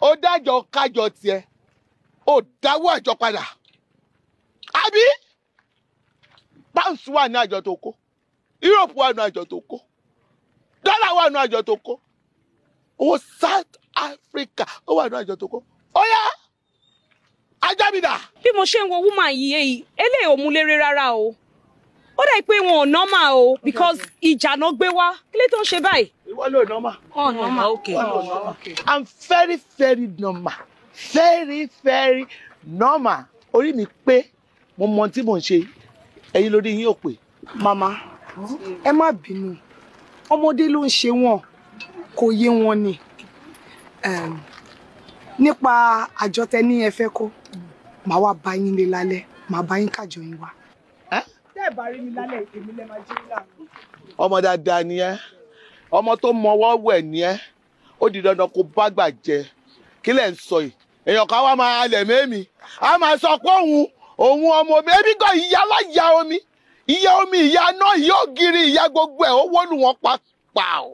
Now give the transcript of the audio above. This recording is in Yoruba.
ó dájọ́ kájọ tiẹ̀ ó dáwọ́ àjọ padà àbí pounds wà ní àjọ tó kó europe wà ní àjọ tó kó dọ́là wà ní àjọ tó kó owó south africa ó wà ní àjọ tó kó ó yá ajá mi dà. bí mo ṣe ń wo woman yìí èyí eléyìí ò múlẹ́rẹ́ rárá o ó dà pé wọn ò nọ́mà o because ìjà náà gbé wá kí ló tó ń ṣe báyìí follow normal. Oh, normal. Okay. Follow normal. Okay. I'm very, very normal. Very, very normal. Orí mi pé mo mọ tí mò ń ṣe. Ẹ̀yin lórí yín ò pé. Màmá, ẹ má bínú. Ọmọdé ló ń ṣe wọ́n. Kò yé wọn ni. Nípa àjọ tẹ ní ẹ fẹ́ kó, màá wá bá yín lé lálẹ́, màá bá yín kàjọ yín wá. Tẹ́ ẹ̀ bá rí mi lálẹ́, èmi lẹ́ máa jí láàárọ̀. Ọmọ dáadáa ni Eh? ọmọ tó mọwọ́ wẹ̀ ni ẹ́ ó di dandan kó bá gbà jẹ kí lẹ̀ ń sọ yìí èèyàn kan wá máa lẹ̀ mẹ́mi a máa sọ pé òun òun ọmọ omi ebi gan ìyá láyà omi ìyá omi ìyá náà ìyá ògiri ìyá gbogbo ẹ̀ ó wọ́lù wọn pa pa o.